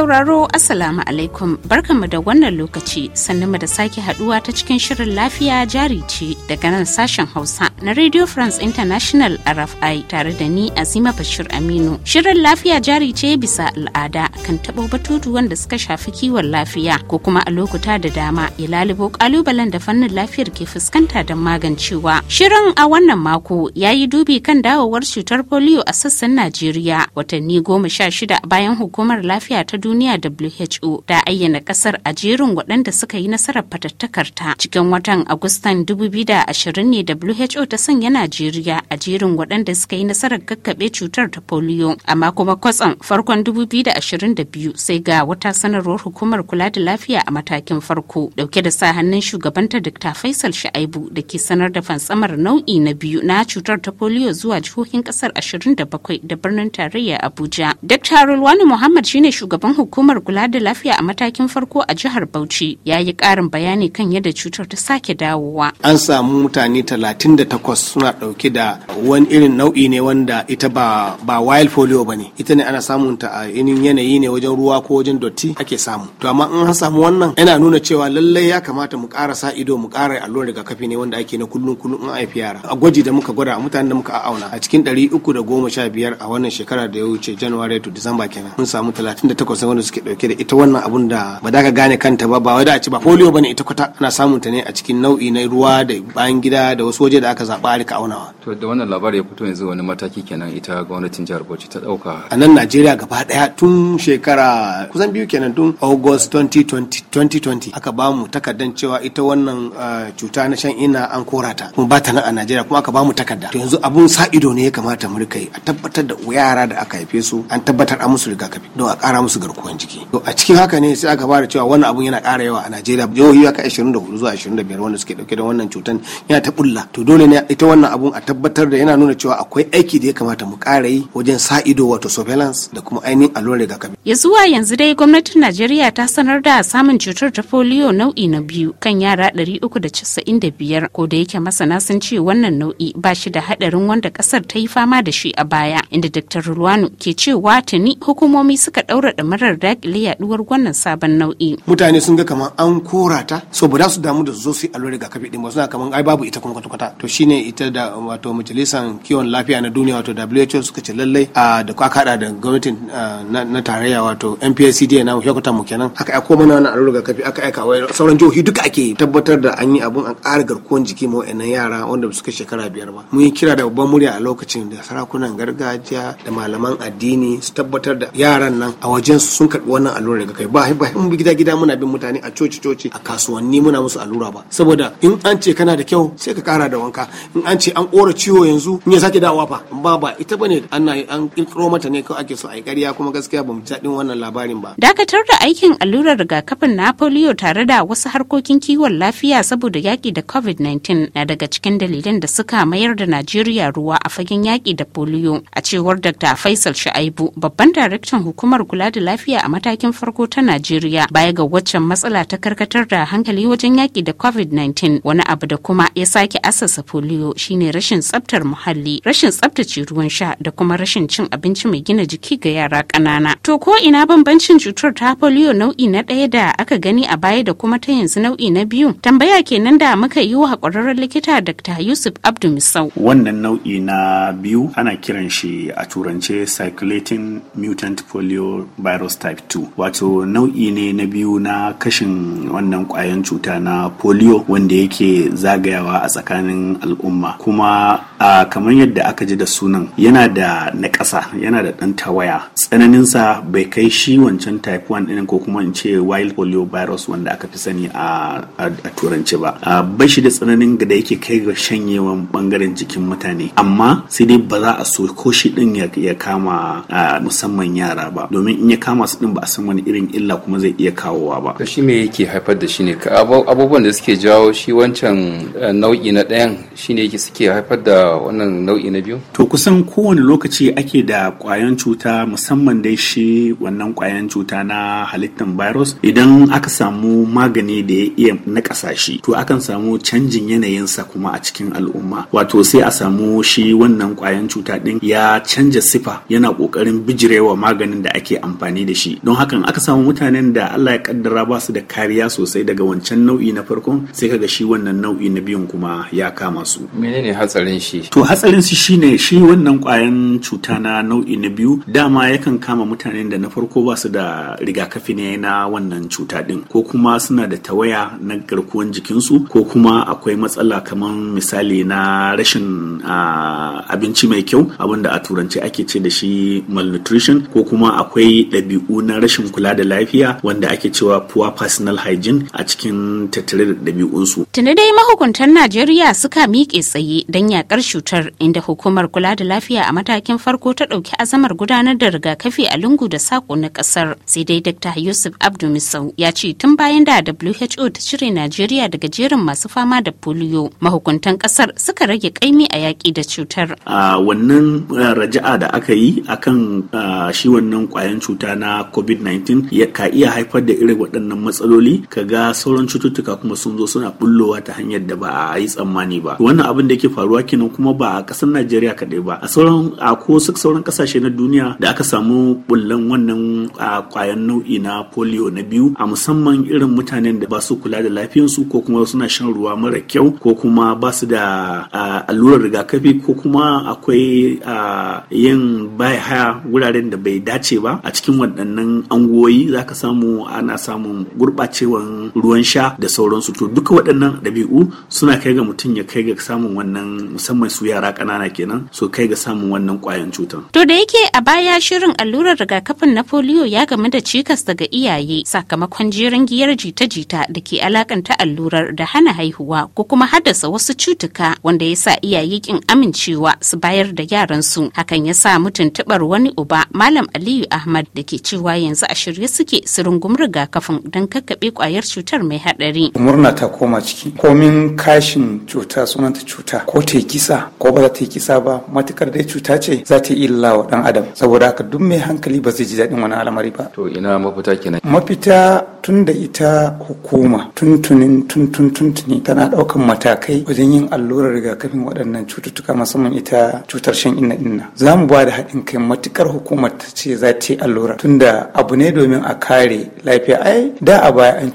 sauraro Assalamu alaikum barkanmu da wannan lokaci sannan da sake haduwa ta cikin shirin lafiya jari ce daga nan sashen Hausa na Radio France International RFI tare da ni Azima Bashir Aminu. Shirin lafiya jari ce bisa al'ada kan taɓo batutu wanda suka shafi kiwon lafiya ko kuma a lokuta da dama ya lalibo kalubalen da fannin lafiyar ke fuskanta don magancewa. Shirin a wannan mako ya yi dubi kan dawowar cutar polio a sassan Najeriya watanni goma sha shida bayan hukumar lafiya ta duniya duniya WHO da ayyana kasar a jerin waɗanda suka yi nasarar fatattakarta. Cikin watan Agustan 2020 ne WHO ta sanya Najeriya a jerin waɗanda suka yi nasarar kakkaɓe cutar ta polio. Amma kuma kwatsam farkon 2022 sai ga wata sanarwar hukumar kula da lafiya a matakin farko dauke da sa hannun shugabanta Dr. Faisal Shaibu da ke sanar da fansamar nau'i na biyu na cutar ta polio zuwa jihohin kasar 27 da birnin tarayya Abuja. Dr. Rulwani Muhammad shine shugaban hukumar kula da lafiya a matakin farko a jihar Bauchi ya yi ƙarin bayani kan yadda cutar ta sake dawowa. An samu mutane 38 suna ɗauke da wani irin nau'i ne wanda ita ba ba wild polio bane. Ita ne ana samun ta a yanayi ne wajen ruwa ko wajen dotti ake samu. To amma in an samu wannan yana nuna cewa lallai ya kamata mu ƙara sa ido mu ƙara daga rigakafi ne wanda ake na kullum kullum in haifi yara. A gwaji da muka gwada mutanen da muka auna a cikin 315 a wannan shekara da ya wuce January to December kenan. Mun samu 38 sosai wanda suke dauke da ita wannan abun da ba da ka gane kanta ba ba wadda a ci ba polio bane ita kwata ana samun ta ne a cikin nau'i na ruwa da bayan gida da wasu waje da aka zaba a rika aunawa to da wannan labari ya fito yanzu wani mataki kenan ita gwamnatin jihar Bauchi ta dauka a nan Najeriya gaba daya tun shekara kusan biyu kenan tun August 2020 2020 aka ba mu takardan cewa ita wannan ah, cuta na shan ina an kora ta kuma ba ta nan a Najeriya kuma aka ba mu takarda to yanzu abun sa ido ne ya kamata mu rika yi a tabbatar da yara da aka haife su an tabbatar a musu rigakafi don a kara musu garkuwan jiki to a cikin haka ne sai aka fara cewa wannan abun yana ƙara yawa a Najeriya jihohi haka 24 zuwa 25 wanda suke dauke da wannan cutan yana ta bulla to dole ne ita wannan abun a tabbatar da yana nuna cewa akwai aiki da ya kamata mu ƙara yi wajen sa ido wato surveillance da kuma ainihin allurar rigakafi ya zuwa yanzu dai gwamnatin Najeriya ta sanar da samun cutar ta polio nau'i na biyu kan yara 395 ko da yake masana sun ce wannan nau'i ba shi da hadarin wanda kasar ta yi fama da shi a baya inda Dr. ruwanu ke cewa tuni hukumomi suka daura da ƙarar y'a yaduwar wannan sabon nau'i. Mutane sun ga kamar an kora ta so ba za su damu da su zo su yi allurar rigakafi din ba suna kamar ai babu ita kuma kwata-kwata to shine ita da wato majalisar kiwon lafiya na duniya wato WHO suka ce lallai a da kwa kada da gwamnatin na tarayya wato NPSCD na mu mu kenan aka aiko mana wannan allurar rigakafi aka aika wa sauran jihohi duka ake tabbatar da an yi abun an ƙara garkuwar jiki ma wa'annan yara wanda ba su kai shekara biyar ba mun yi kira da babban murya a lokacin da sarakunan gargajiya da malaman addini su tabbatar da yaran nan a wajen su sun karɓi wannan allura daga kai ba ba mun gida gida muna bin mutane a coci coci a kasuwanni muna musu allura ba saboda in an ce kana da kyau sai ka kara da wanka in an ce an kora ciwo yanzu in ya sake dawowa fa ba ba ita bane ana an kirkiro mata ne kawai ake so a yi ƙarya kuma gaskiya bamu ji daɗin wannan labarin ba dakatar da aikin allurar rigakafin na polio tare da wasu harkokin kiwon lafiya saboda yaki da covid-19 na daga cikin dalilan da suka mayar da najeriya ruwa a fagen yaki da polio a cewar dr faisal sha'ibu babban daraktan hukumar kula da lafiya lafiya a matakin farko ta Najeriya baya ga waccan matsala ta karkatar da hankali wajen yaki da COVID-19 wani abu da kuma ya sake asasa polio shine rashin tsabtar muhalli, rashin tsabtace ruwan sha da kuma rashin cin abinci mai gina jiki ga yara ƙanana. To ko ina bambancin cutar ta polio nau'i na ɗaya da aka gani a baya da kuma ta yanzu nau'i na biyu? Tambaya kenan da muka yi wa ƙwararren likita Dr. Yusuf Abdu Wannan nau'i na biyu ana kiran shi a turance circulating mutant polio virus virus type 2 wato nau'i ne na biyu na kashin wannan kwayan cuta na polio wanda yake zagayawa a tsakanin al'umma kuma a kamar yadda aka ji da sunan yana da naƙasa yana da ɗan tawaya tsananinsa bai kai shi wancan type 1 ɗin ko kuma in ce wild polio virus wanda aka fi sani a, turanci ba bai shi da tsananin da yake kai ga shanyewan bangaren jikin mutane amma sai dai ba za a so ko shi ɗin ya, kama musamman yara ba domin in ya kama su ɗin ba a san wani irin illa kuma zai iya kawowa ba to shi me yake haifar da shi ne abubuwan da suke jawo shi wancan eh, nau'i na ɗayan shine yake suke haifar da wannan nau'i na biyu? To kusan kowane lokaci ake da kwayan cuta musamman dai shi wannan kwayan cuta na halittan virus idan aka samu magani da ya iya na shi to akan samu canjin yanayinsa kuma a cikin al'umma wato sai a samu shi wannan kwayan cuta ɗin ya canja sifa yana ƙoƙarin bijirewa maganin da ake amfani da shi don hakan aka samu mutanen da Allah ya kaddara ba su da kariya sosai daga wancan nau'i na farkon sai kaga shi wannan nau'i na biyun kuma ya kama su menene hatsarin shi to hatsarin su shine shi wannan kwayan cuta na nau'i na biyu dama yakan kama mutanen da na farko ba su da rigakafi ne na wannan cuta din ko kuma suna da tawaya na garkuwan jikinsu ko kuma akwai matsala kamar misali na rashin abinci mai kyau abinda a turanci ake ce da shi malnutrition ko kuma akwai ɗabi'u na rashin kula da lafiya wanda ake cewa poor personal hygiene a cikin tattare da ɗabi'unsu. tunda dai mahukuntan Najeriya suka miƙe tsaye don yaƙar cutar inda hukumar kula da lafiya a matakin farko ta ɗauki azamar gudanar da rigakafi a lungu da sako na ƙasar sai dai dr yusuf abdu ya ce tun bayan da who ta cire najeriya daga jerin masu fama da polio mahukuntan kasar suka rage kaimi a yaƙi da cutar a wannan eh, raja'a da aka yi akan eh, shi wannan kwayan cuta na covid-19 ya ka iya haifar da irin waɗannan matsaloli ka ga sauran cututtuka kuma sun zo suna bullowa ta hanyar da ba a yi tsammani ba wannan abin da yake faruwa kenan kuma ba a kasar Najeriya kaɗai ba a sauran a ko sauran kasashe na duniya da aka samu bullan wannan kwayan nau'i na polio na biyu a musamman irin mutanen da ba su kula da lafiyansu ko kuma suna shan ruwa mara kyau ko kuma ba su da allurar rigakafi ko kuma akwai yin haya wuraren da bai dace ba a cikin waɗannan angoyi za ka samu ana samun gurɓacewan ruwan sha da sauransu to duka waɗannan ɗabi'u suna kai ga mutum ya kai ga samun wannan musamman musamman su yara kanana kenan su kai ga samun wannan kwayan cutar. To da yake a baya shirin allurar rigakafin na polio ya gamu da cikas daga iyaye sakamakon jerin giyar jita-jita da ke alakanta allurar da hana haihuwa ko kuma haddasa wasu cutuka wanda ya sa iyaye kin amincewa su bayar da su hakan ya sa mutuntubar wani uba malam aliyu ahmad da ke cewa yanzu a shirye suke su rungum rigakafin don kakkaɓe kwayar cutar mai haɗari. murna ta koma ciki komin kashin cuta sunanta cuta ko ta kisa ko ba za ta yi kisa ba matukar dai cuta ce za ta yi illa wa dan adam saboda haka duk mai hankali ba zai ji daɗin wani al'amari ba to ina mafita kenan mafita tun da ita hukuma tuntunin tuntun tuntuni tana ɗaukan matakai wajen yin allurar rigakafin waɗannan cututtuka musamman ita cutar shan inna inna za mu ba da haɗin kai matukar hukumar ta ce za ta yi allura tunda abu ne domin a kare lafiya ai da a baya an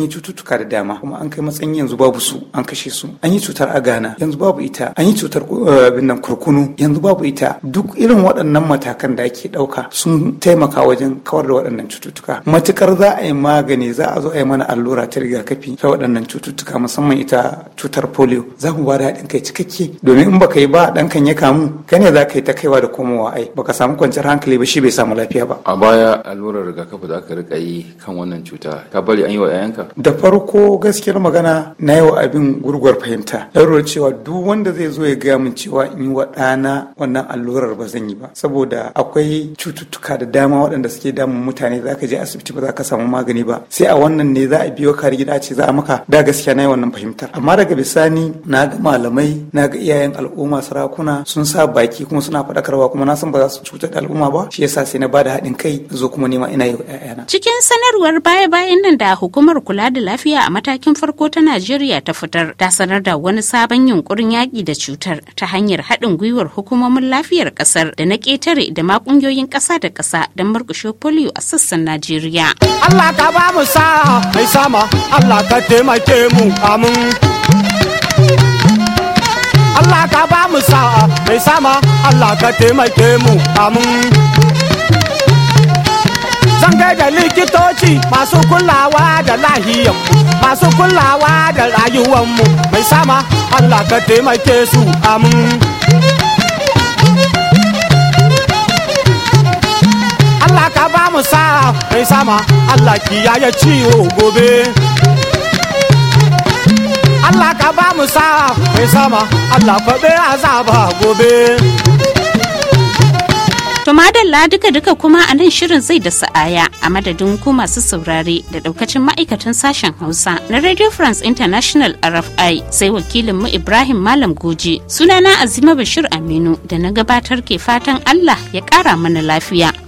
yi cututtuka da dama kuma an kai matsayin yanzu babu su an kashe su an yi cutar a gana yanzu babu ita an yi cutar eh, binnan kurkunu yanzu babu ita duk irin waɗannan matakan da ake ɗauka sun taimaka wajen kawar da waɗannan cututtuka matukar za a yi magani za a zo a yi mana allura ta rigakafi ta waɗannan cututtuka musamman ita cutar polio za mu ba da haɗin kai cikakke domin in baka yi ba ɗankan ya kamu ka ne za ka yi ta kaiwa da komowa ai baka samu kwanciyar hankali ba shi bai samu lafiya ba a baya allurar rigakafi da aka rika yi kan wannan cuta ka bari an yi wa 'ya'yanka da farko gaskiyar magana na yi wa abin gurguwar fahimta ɗaurar cewa duk wanda zai zo ya gaya min cewa in yi wa ɗana wannan allurar ba zan yi ba saboda akwai cututtuka da dama waɗanda suke damun mutane za ka je asibiti ba za ka samu magani ba sai a wannan ne za a biyo ka gida ce za a maka da gaskiya na yi wannan fahimtar amma daga bisani na ga malamai na ga iyayen al'umma sarakuna sun sa baki kuma suna faɗakarwa kuma na san ba za su cutar da al'umma ba shi yasa sai na bada haɗin kai zo kuma nema ina yi wa 'ya'yana. cikin sanarwar baya-bayan nan da hukumar kula da lafiya a matakin farko ta najeriya ta fitar ta sanar da wani sabon yunkurin yaƙi da cutar ta hanyar haɗin gwiwar hukumomin lafiyar ƙasar da na ƙetare da ma ƙungiyoyin ƙasa da ƙasa don murƙushe polio a sassan Najeriya. Allah ka ba mu sa mai sama Allah ka taimake mu amin. Allah ka ba mu sa mai sama Allah ka taimake mu amin. zan gaida likitoci masu kulawa da lahiya masu kulawa da rayuwanmu mai sama Allah ka taimake su amin Allah ka ba mu sa mai sama Allah kiyaye ciwo gobe Allah ka ba mu sa mai sama Allah faɗi azaba gobe To madalla duka duka kuma a nan shirin zai da sa'aya a madadin ku masu saurare da daukacin ma'aikatan sashen Hausa na Radio France International RFI sai wakilin mu Ibrahim Malam Goji sunana Azima Bashir Aminu da na gabatar ke fatan Allah ya kara mana lafiya.